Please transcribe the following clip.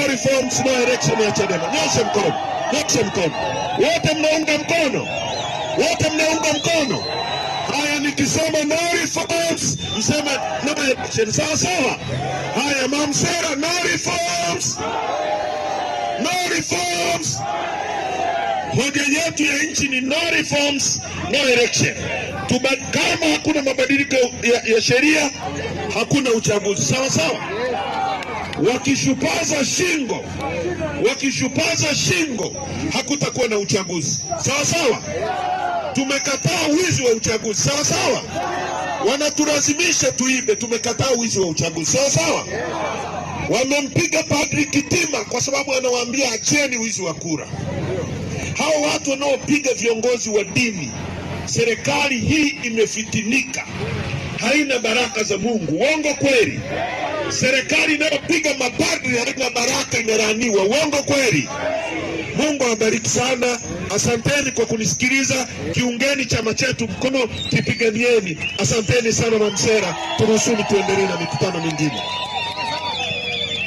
no reforms no election ya Chadema. Nyoshe mkono, nyoshe mkono wote, mnaunga mkono, wote mnaunga mkono. Haya, nikisema no reforms mseme no election, sawa sawa. Haya, Mamsera, no reforms, no reforms. Hoja yetu ya nchi ni no reforms no election. Tuba, kama hakuna mabadiliko ya, ya sheria hakuna uchaguzi, sawa sawa wakishupaza shingo, wakishupaza shingo, hakutakuwa na uchaguzi. Sawa sawa, tumekataa wizi wa uchaguzi. Sawa sawa, wanatulazimisha tuibe, tumekataa wizi wa uchaguzi. Sawa sawa, wamempiga Padri Kitima kwa sababu anawaambia acheni wizi wa kura. Hao watu wanaopiga viongozi wa dini, serikali hii imefitinika, haina baraka za Mungu. Uongo kweli? Serikali inayopiga mapadri inaitwa Baraka imeraniwa. Uongo kweli? Mungu awabariki sana. Asanteni kwa kunisikiliza. Kiungeni chama chetu mkono, kipiganieni. Asanteni sana Mamsera, turuhusuni tuendelee na mikutano mingine.